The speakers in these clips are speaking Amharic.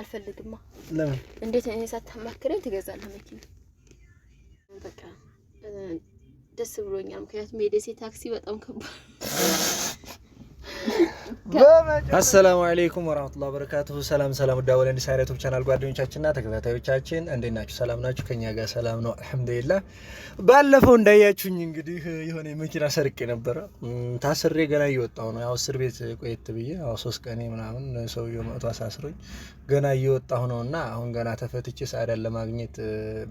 አልፈልግማ። ለምን? እንዴት እኔ ሳታማክረኝ ትገዛለህ መኪና? በቃ ደስ ብሎኛል። ምክንያቱም የደሴ ታክሲ በጣም ከባድ አሰላሙ አለይኩም ወራህመቱላሂ ወበረካቱሁ። ሰላም ሰላም፣ ዳ ወለንዲ ሳይራ ዩቲዩብ ቻናል ጓደኞቻችንና ተከታታዮቻችን እንዴት ናችሁ? ሰላም ናችሁ? ከኛ ጋር ሰላም ነው አልሐምዱሊላህ። ባለፈው እንዳያችሁኝ እንግዲህ የሆነ መኪና ሰርቄ ነበረ። ታስሬ ገና እየወጣሁ ነው። ያው እስር ቤት ቆየት ብዬ ያው ሶስት ቀኔ ምናምን ሰውዬው መጥቶ አሳስሮኝ ገና እየወጣሁ ነው እና አሁን ገና ተፈትቼ ሰዓዳን ለማግኘት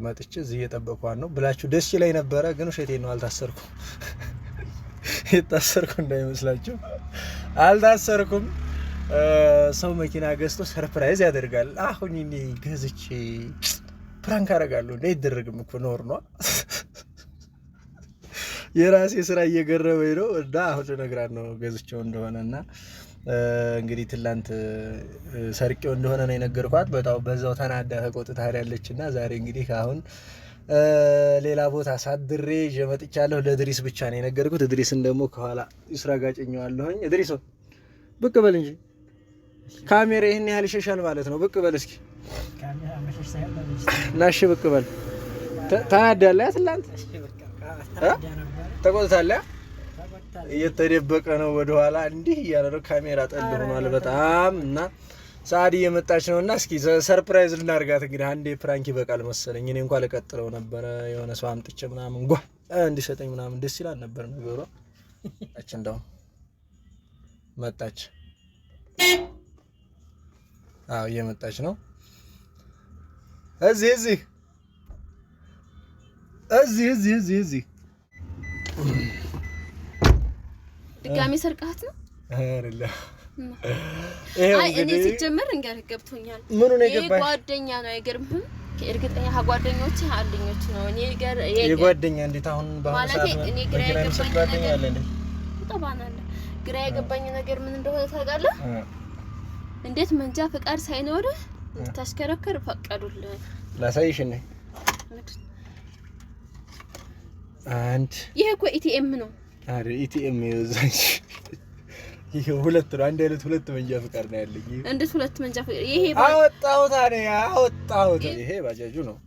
መጥቼ እዚህ እየጠበቅኳት ነው ብላችሁ ደስ ይለኝ ነበረ፣ ግን ውሸቴ ነው። አልታሰርኩም። የታሰርኩ እንዳይመስላችሁ አልታሰርኩም። ሰው መኪና ገዝቶ ሰርፕራይዝ ያደርጋል። አሁን እኔ ገዝቼ ፕራንክ አደርጋለሁ እንደ አይደረግም እኮ ኖር ነ የራሴ ስራ እየገረመኝ ነው እና አሁን ነግራት ነው ገዝቼው እንደሆነ እና እንግዲህ ትላንት ሰርቄው እንደሆነ ነው የነገርኳት። በጣም በዛው ተናዳ ተቆጥታ ያለች እና ዛሬ እንግዲህ አሁን ሌላ ቦታ ሳድሬ ይዤ መጥቻለሁ። ለድሪስ ብቻ ነው የነገርኩት። እድሪስን ደግሞ ከኋላ ይስራ ጋጨኘዋለሁኝ። እድሪስ ብቅ በል እንጂ ካሜራ ይህን ያህል ይሸሻል ማለት ነው። ብቅ በል እስኪ ናሽ ብቅ በል። ታያዳለህ። ትላንት ተቆጥታለህ። እየተደበቀ ነው ወደኋላ እንዲህ እያለ ነው። ካሜራ ጠል ሆኗል በጣም እና ሰአድ እየመጣች ነው እና እስኪ ሰርፕራይዝ ልናርጋት። እንግዲህ አንዴ ፕራንክ ይበቃል መሰለኝ። እኔ እንኳ ልቀጥለው ነበረ የሆነ ሰው አምጥቼ ምናምን እንኳ እንዲሰጠኝ ምናምን ደስ ይላል ነበር ነገሯ። መጣች፣ እንደውም መጣች። አዎ እየመጣች ነው። እዚህ እዚህ እዚህ እዚህ እዚህ እዚህ ድጋሚ ሰርቃት ነው እኔ ሲጀመር እንግዲህ ገብቶኛል። ምኑ ነው የገባኝ? ጓደኛ ነው አይገርምህም? እርግጠኛ ጓደኞች አንደኞች ነው። እኔ ገር የጓደኛ እንዴት አሁን ግራ የገባኝ ነገር ምን እንደሆነ ታውቃለህ? እንዴት መንጃ ፍቃድ ሳይኖርህ እንድታሽከረከር ፈቀዱልህ? ላሳይሽ ነኝ። አንድ ይሄ እኮ ኢቲኤም ነው። አረ ኢቲኤም ይዘሽ ይሄ ሁለት ነው። አንድ አይነት ሁለት መንጃ ፈቃድ ነው ያለኝ። እንዴት ሁለት መንጃ ፈቃድ? ይሄ አወጣሁት አለ አወጣሁት። ይሄ ባጃጁ ነው፣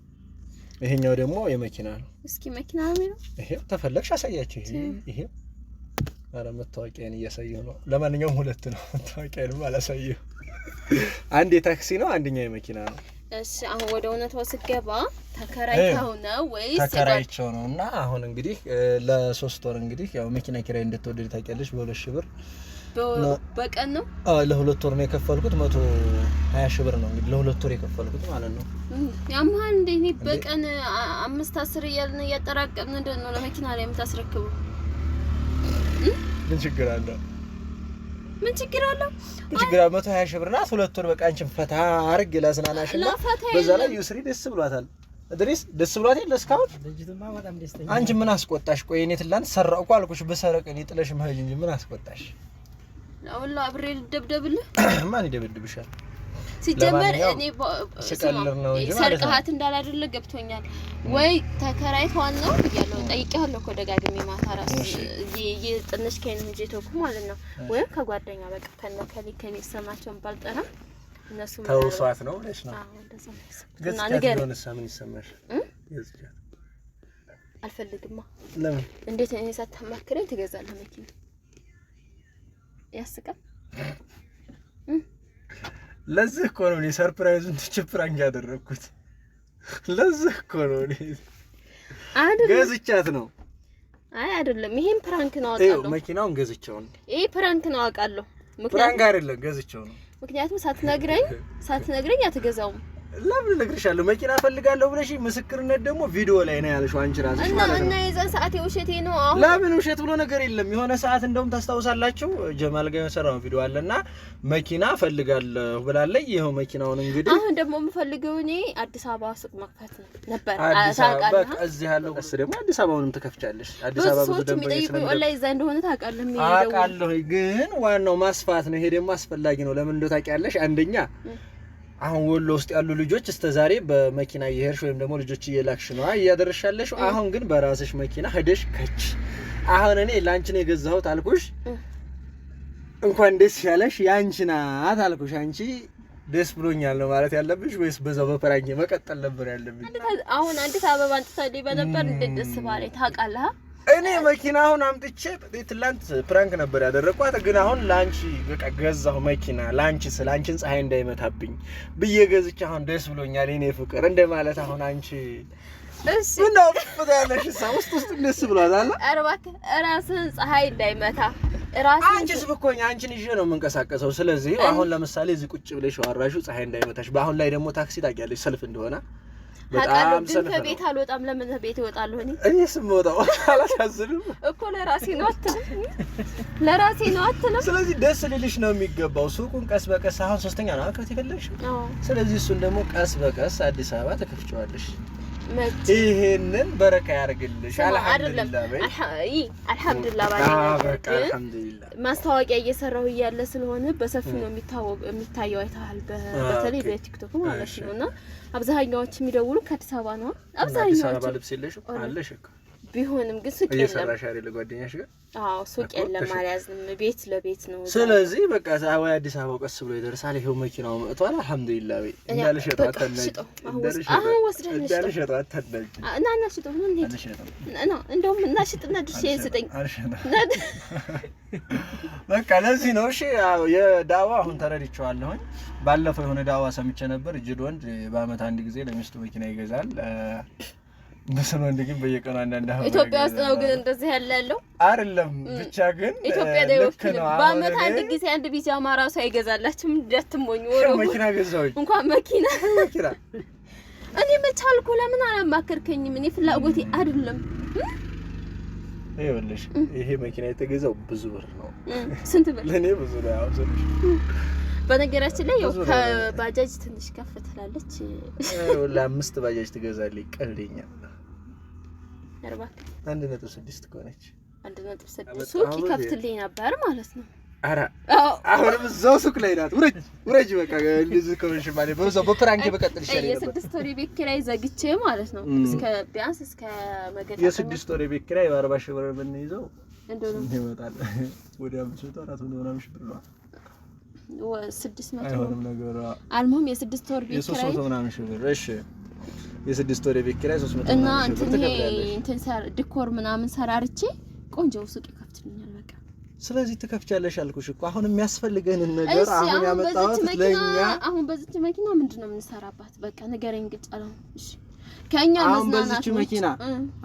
ይሄኛው ደግሞ የመኪና ነው። እስኪ መኪና ነው የሚለው። ይሄ ተፈለግሽ አሳያቸው። ይሄ ይሄ አረ መታወቂያን እያሳየሁ ነው። ለማንኛውም ሁለት ነው። መታወቂያንም አላሳየሁ። አንድ የታክሲ ነው፣ አንደኛው የመኪና ነው። እሺ አሁን ወደ እውነታው ስገባ ተከራይተው ነው ወይስ ተከራይቸው ነው? እና አሁን እንግዲህ ለሶስት ወር እንግዲህ ያው መኪና ኪራይ እንደተወደደ ታውቂያለሽ በሁለት ሺህ ብር በቀን ነው ለሁለት ወር ነው የከፈልኩት። መቶ ሀያ ሺህ ብር ነው እንግዲህ ለሁለት ወር የከፈልኩት ማለት ነው። ያምሃል እንደ እኔ በቀን አምስት አስር እያልን እያጠራቀምን እንደት ነው ለመኪና ላይ የምታስረክቡ? ምን ችግር አለው? ምን ችግር አለው? ምን ችግር አለው? መቶ ሀያ ሺህ ብር ናት። ሁለት ወር በቃ አንቺን ፈታ አርግ ላዝናናሽ እና በዛ ላይ ዩስሪ ደስ ብሏታል። እድሪስ ደስ ብሏት የለ እስካሁን። አንቺ ምን አስቆጣሽ? ቆይ እኔ ትላንት አልኩሽ፣ እኔ ጥለሽ መሄድ እንጂ ምን አስቆጣሽ? አሁን አብሬ ልደብደብልህ? ማን ይደብድብሻል? ሲጀመር እኔ ሰርቅሀት እንዳላደለ ገብቶኛል። ወይ ተከራይቷን ነው ብያለሁ፣ ጠይቄዋለሁ እኮ ደጋግሜ ማታ እራሱ ትንሽ ከእኔ እንጂ ተውኩ ማለት ነው። ወይም ከጓደኛ በቃ ከእነ ከእኔ ከእኔ ባልጠራም እነሱ ተውሷት ነው ብለሽ ነው። ምን ይሰማል? አልፈልግማ። ለምን? እንዴት እኔ ሳታማክረኝ ትገዛለህ መኪና ያስቃል። ለዚህ እኮ ነው እኔ ሰርፕራይዙን ትችፕራንክ ያደረግኩት። ለዚህ እኮ ነው እኔ ገዝቻት ነው። አይ አይደለም፣ ይሄን ፕራንክ ነው አውቃለሁ። መኪናውን ገዝቼው ነው። ይሄ ፕራንክ ነው አውቃለሁ። ፕራንክ አይደለም፣ ገዝቼው ነው። ምክንያቱም ሳትነግረኝ ሳትነግረኝ አትገዛውም ለምን እነግርሻለሁ፣ መኪና እፈልጋለሁ ብለሽ ምስክርነት ደግሞ ቪዲዮ ላይ ነው ያለሽው አንቺ ራስሽ ማለት ነው። እና የዛን ሰዓት የውሸቴ ነው። አሁን ለምን ውሸት ብሎ ነገር የለም። የሆነ ሰዓት እንደውም ታስታውሳላችሁ፣ ጀማል ጋር የሰራው ቪዲዮ አለና መኪና እፈልጋለሁ ብላለች። ይኸው መኪናውን እንግዲህ አሁን ደግሞ የምፈልገው እኔ አዲስ አበባ ሱቅ መክፈት ነበር። ታውቃለህ፣ እዚህ ያለው ቀስ ደግሞ አዲስ አበባውንም ትከፍቻለሽ። አዲስ አበባ ብዙ ደንበኛ ስለሚጠይቁኝ እዛ እንደሆነ ታውቃለህ። አውቃለሁ፣ ግን ዋናው ማስፋት ነው። ይሄ ደግሞ አስፈላጊ ነው። ለምን እንደው ታውቂያለሽ፣ አንደኛ አሁን ወሎ ውስጥ ያሉ ልጆች እስከ ዛሬ በመኪና እየሄድሽ ወይም ደግሞ ልጆች እየላክሽ ነው እያደረሻለሽ። አሁን ግን በራስሽ መኪና ሄደሽ ከች አሁን እኔ ላንቺን የገዛሁት አልኩሽ፣ እንኳን ደስ ያለሽ ያንቺ ናት አልኩሽ። አንቺ ደስ ብሎኛል ነው ማለት ያለብሽ ወይስ በዛው በፈራኝ መቀጠል ነበር ያለብኝ? አሁን አዲስ አበባ አንጥተህ በነበር እንደ ደስ ባለ ታውቃለህ። እኔ መኪና አሁን አምጥቼ ትላንት ፕራንክ ነበር ያደረግኳት። ግን አሁን ላንቺ በቃ ገዛሁ መኪና ላንቺ ስለ አንቺን ፀሐይ እንዳይመታብኝ ብዬ ገዝቼ አሁን ደስ ብሎኛል። እኔ ፍቅር እንደ ማለት አሁን አንቺ ምነው ፍት ያለሽ ሳ ውስጥ ውስጥ ደስ ራስህን ፀሐይ እንዳይመታ አንቺን ይዤ ነው የምንቀሳቀሰው። ስለዚህ አሁን ለምሳሌ እዚህ ቁጭ ብለሽ አወራሹ ፀሐይ እንዳይመታሽ። በአሁን ላይ ደግሞ ታክሲ ታውቂያለሽ ሰልፍ እንደሆነ በጣም ሰልፍ ነው። ቤት አልወጣም። ለምን ቤት እወጣለሁ? እኔ አላሳዝንም እኮ ለራሴ ነው አትልም፣ ለራሴ ነው አትልም። ስለዚህ ደስ ሊልሽ ነው የሚገባው። ሱቁን ቀስ በቀስ አሁን ሶስተኛ ነው አከፍት የፈለግሽው። ስለዚህ እሱን ደግሞ ቀስ በቀስ አዲስ አበባ ተከፍጨዋለሽ። ይሄንን በረካ ያርግልሽ። አልሐምዱሊላህ ማስታወቂያ እየሰራሁ እያለ ስለሆነ በሰፊ ነው የሚታየው። አይተሃል፣ በተለይ በቲክቶክ ማለት ነው። እና አብዛኛዎች የሚደውሉ ከአዲስ አበባ ነው። አብዛኛዎች ቢሆንም ግን ሱቅ የለም። እየሰራሽ አይደል ጓደኛሽ ጋር? አዎ ሱቅ የለም፣ አልያዝንም። ቤት ለቤት ነው። ስለዚህ በቃ ወይ አዲስ አበባ ቀስ ብሎ ይደርሳል። ይሄው መኪናው መጥቷል። አልሐምዱሊላህ። ወይ እንዳልሸጠው አታናቂ፣ እንዳልሸጠው አታናቂ። እና እና ሽጠው ነው እንዴ? እና እንደውም እና ሽጥና ድርሼ ስጠኝ። በቃ ለዚህ ነው እሺ። የዳዋ አሁን ተረድቼዋለሁኝ። ባለፈው የሆነ ዳዋ ሰምቼ ነበር። እጅድ ወንድ በአመት አንድ ጊዜ ለሚስቱ መኪና ይገዛል በሰኑ ወንድ ግን በየቀኑ አንዳንድ አሁን ኢትዮጵያ ውስጥ ነው ግን እንደዚህ ያለ ያለው አይደለም። ብቻ ግን ኢትዮጵያ ላይ በአመት አንድ ጊዜ አንድ ቢጃማ ራሱ አይገዛላችሁም። እንዳትሞኝ ወሮ መኪና ገዛሁኝ እንኳን መኪና መኪና እኔ መቻልኩ ለምን አላማከርከኝም? እኔ ፍላጎቴ አይደለም። ይኸውልሽ ይሄ መኪና የተገዛው ብዙ ብር ነው። ስንት ብር? ለኔ ብዙ ነው። ያው ስልሽ በነገራችን ላይ ያው ከባጃጅ ትንሽ ከፍ ትላለች። ለአምስት ባጃጅ ትገዛለች። ቀልደኛ አንድ ነጥብ ስድስት እኮ አንድ ነጥብ ስድስት ሱቅ ይከፍትልኝ ነበር ማለት ነው። ኧረ አሁንም እዛው ሱቅ ላይ ናት። ውረጅ ውረጅ፣ በቃ እንደዚህ ከሆንሽ ማለት በዛው በፕራንክ በቀጥል ይሻለኝ ነበር። የስድስት ወር ቤት ኪራይ ዘግቼ ማለት ነው እስከ ቢያንስ እስከ መገደል የስድስት ወር ቤት ኪራይ በአርባ ሺህ ብር ብንይዘው እንደሆነ ይመጣል ወደ አምስት መቶ አራት መቶ ምናምን ሺህ ብር ነው ስድስት መቶ አይሆንም ነገሯ። አልሞም የስድስት ወር ቤት ኪራይ የሶስት መቶ ምናምን ሺህ ብር እሺ የስድስት ወር የቤት ኪራይ ሶስት መቶ እና እንትን ዲኮር ምናምን ሰራርቼ ቆንጆ ሱቅ ይከፍትልኛል። በቃ ስለዚህ ትከፍቻለሽ አልኩሽ እኮ አሁን የሚያስፈልገንን ነገር አሁን ያመጣሁት ለኛ አሁን በዚች መኪና ምንድነው የምንሰራባት? በቃ ንገረኝ። ግጭ እሺ ከኛ አሁን በዚች መኪና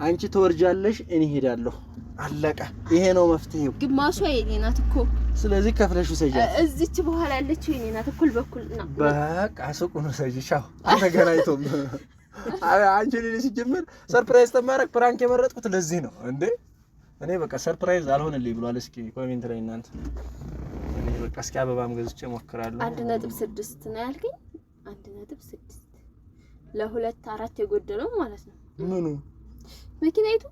አንቺ ትወርጃለሽ፣ እኔ ሄዳለሁ። አለቀ። ይሄ ነው መፍትሄው። ግማሿ የኔ ናት እኮ ስለዚህ ከፍለሽ ውሰጃት። እዚች በኋላ ያለችው የኔ ናት። እኩል በኩል ነው። በቃ ሱቁን ውሰጂሽ። አዎ ተገናኝቶም አንቺ ሲጀምር ሰርፕራይዝ ተማረክ ፕራንክ የመረጥኩት ለዚህ ነው እንዴ። እኔ በቃ ሰርፕራይዝ አልሆንልኝ ብሏል። እስኪ ኮሜንት ላይ እናንተ እኔ በቃ እስኪ አበባም ገዝቼ ሞክራለሁ። አንድ ነጥብ ስድስት ነው ያልከኝ። አንድ ነጥብ ስድስት ለሁለት አራት የጎደለው ማለት ነው። ምኑ መኪናይቱ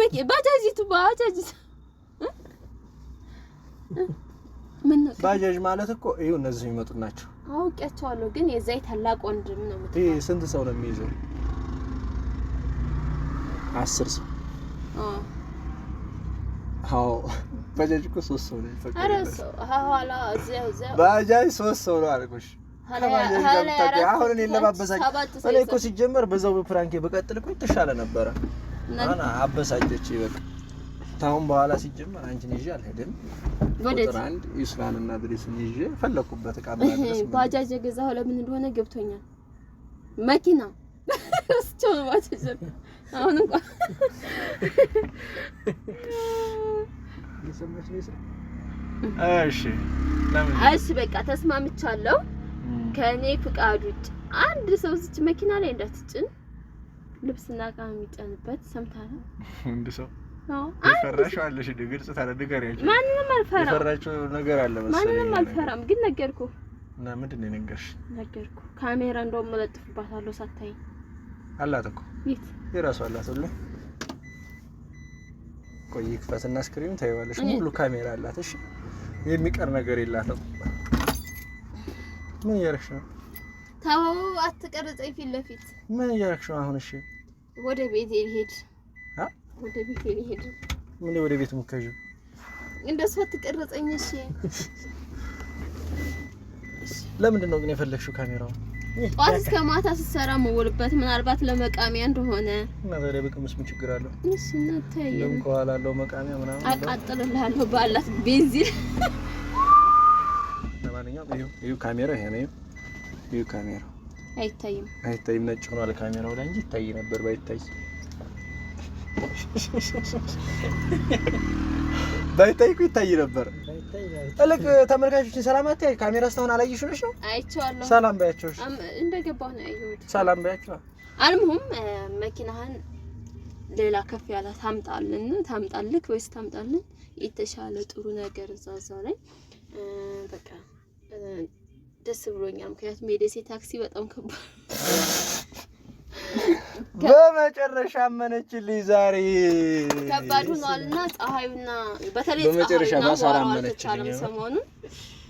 መኪ ባጃጅቱ ባጃጅ ምን ነው ባጃጅ ማለት እኮ ይኸው እነዚህ የሚመጡት ናቸው። አውቂያቸዋለሁ፣ ግን የዛ ታላቅ ወንድም ነው። ስንት ሰው ነው የሚይዘው? አስር ሰው አዎ ባጃጅ እኮ ሶስት ሰው ነው። ባጃጅ ሶስት ሰው ነው አልኩሽ። አሁን እኔ እኮ ሲጀመር በዛው በፕራንኬ በቀጥል እኮ የተሻለ ነበረ። አበሳጨች በቃ ከአሁን በኋላ ሲጀመር አንቺን ይዤ አልሄድም። ቁጥር አንድ ዩስራን እና ብሬስን ይዤ ፈለኩበት እቃ ባጃጅ የገዛኸው ለምን እንደሆነ ገብቶኛል። መኪና ስቸው ነው ባጃጅ። አሁን እንኳን እሺ እሺ፣ በቃ ተስማምቻለሁ። ከእኔ ፍቃድ ውጭ አንድ ሰው ዝች መኪና ላይ እንዳትጭን ልብስና እቃ የሚጫንበት ሰምታለሁ። አንድ ሰው የፈራሽዋለሽ ግልጽ ታረጋሪያችሁ። ማንንም አልፈራም። የፈራችሁ ነገር አለ መሰለኝ። ማንንም አልፈራም፣ ግን ነገርኩህ እና ምንድን ነው የነገርሽ? ነገርኩህ። ካሜራ እንደውም መለጥፍባታለሁ ሳታይ። አላት እኮ የት የራሱ አላት ሁሉ። ቆይ ክፈትና ስክሪን ታይዋለሽ። ሙሉ ካሜራ አላት። እሺ የሚቀር ነገር የላትም። ምን እያደረግሽ ነው? ተው አትቀርጸኝ ፊት ለፊት። ምን እያደረግሽ ነው አሁን? እሺ ወደ ቤት ልሄድ ወደ ቤት የሄድ ምን ወደ ቤት ሙከዥ እንደሱ አትቀረጸኝ። እሺ፣ ለምንድን ነው ግን የፈለግሽው ካሜራው? ጠዋት እስከ ማታ ስትሰራ መውልበት ምናልባት ለመቃሚያ እንደሆነ እና ዛሬ በቅምስ ምን ችግር አለው? እሺ፣ እና ታየኝ ከኋላ አለው መቃሚያ ምናምን አቃጥልልሃለሁ ባላት ቤንዚን። ለማንኛውም እዩ እዩ፣ ካሜራ ይሄ ነው። እዩ ካሜራ አይታይም፣ አይታይም። ነጭ ሆኗል ካሜራው ላይ እንጂ ይታይ ነበር ባይታይ ባይታይ እኮ ይታይ ነበር። እልቅ ተመልካቾችን ሰላም አትያይ። ካሜራ እስካሁን አላየሽ ነሽ ነው። አይቼዋለሁ። ሰላም ባያቸው እንደገባሁ ነው ያየሁት። ሰላም ባያቸው። አልሙሁም መኪናህን ሌላ ከፍ ያለ ታምጣልን ታምጣልክ ወይስ ታምጣልን የተሻለ ጥሩ ነገር እዛው እዛው ላይ በቃ ደስ ብሎኛል። ምክንያቱም የደሴ ታክሲ በጣም ከባድ በመጨረሻ አመነችልኝ። ዛሬ ከባድ ሆኗልና ፀሐዩና በተለይ በመጨረሻ ባሳራ አመነችልኝ። ሰሞኑን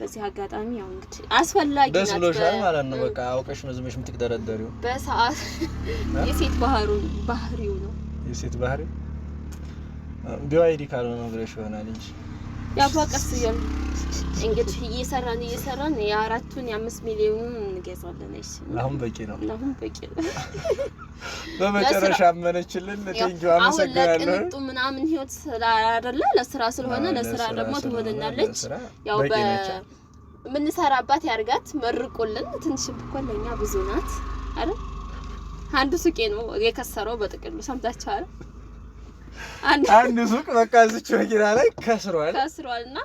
በዚህ አጋጣሚ ያው እንግዲህ አስፈላጊ ደስ ብሎሻል ማለት ነው። በቃ አውቀሽ ነው ዝምሽ የምትደረደሪው። በሰዓት የሴት ባህሩ ባህሪው ነው የሴት ባህሪው ቢዋይዲ ካልሆነ ብለሽ ይሆናል እንጂ ያው በቃ ቀስ እንግዲህ እየሰራን እየሰራን የአራቱን የአምስት ሚሊዮኑን እንገዛለን። እሺ አሁን በቂ ነው፣ አሁን በቂ ነው። በመጨረሻ አመነችልን። ለቴንጆ አመሰግናለሁ። አሁን ቅንጡ ምናምን ህይወት ስላደለ ለስራ ስለሆነ ለስራ ደግሞ ትሆንናለች። ያው በምንሰራባት ያርጋት መርቁልን። ትንሽ ብኮን ለኛ ብዙ ናት። አረ አንዱ ሱቄ ነው የከሰረው በጥቅሉ ሰምታችኋል። አንዱ ሱቅ በቃ ዝች መኪና ላይ ከስሯል፣ ከስሯልና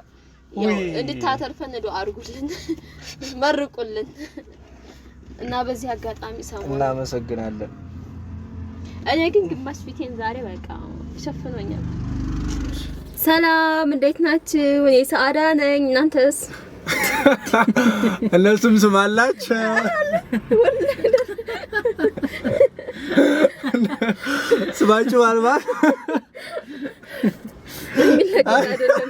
እንድታተርፈን ዶ አድርጉልን፣ መርቁልን እና በዚህ አጋጣሚ ሰሞኑን እናመሰግናለን። እኔ ግን ግማሽ ፊቴን ዛሬ በቃ ሸፍኖኛል። ሰላም፣ እንዴት ናችሁ? እኔ ሰአዳ ነኝ። እናንተስ? እነሱም ስም አላቸው። ስማችሁ አልባ የሚለቀቅ አይደለም።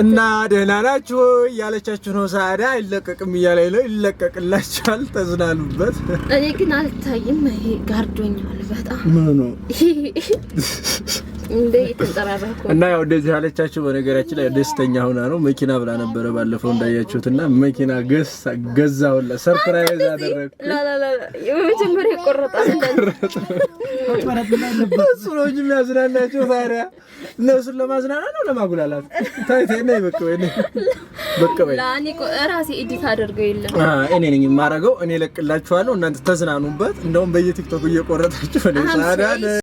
እና ደህና ናችሁ እያለቻችሁ ነው። ሳዳ አይለቀቅም እያለ ነው። ይለቀቅላችኋል፣ ተዝናኑበት። እኔ ግን አልታይም፣ ይሄ ጋርዶኛል በጣም እና ያው እንደዚህ አለቻቸው። በነገራችን ላይ ደስተኛ ሆና ነው መኪና ብላ ነበረ ባለፈው እንዳያችሁት። እና መኪና ገዛ ሁላ ሰርፕራይዝ አደረግኩ። በመጀመሪያ ይቆረጣል እሱ ነው እንጂ የሚያዝናናቸው ታዲያ እነሱን ለማዝናናት ነው ለማጉላላት። ታይታና ይበቅበኝ በቅበኝ ራሴ ኤዲት አደርገው የለም እኔ ነኝ የማረገው። እኔ ለቅላችኋለሁ፣ እናንተ ተዝናኑበት። እንደውም በየቲክቶክ እየቆረጣችሁ ነው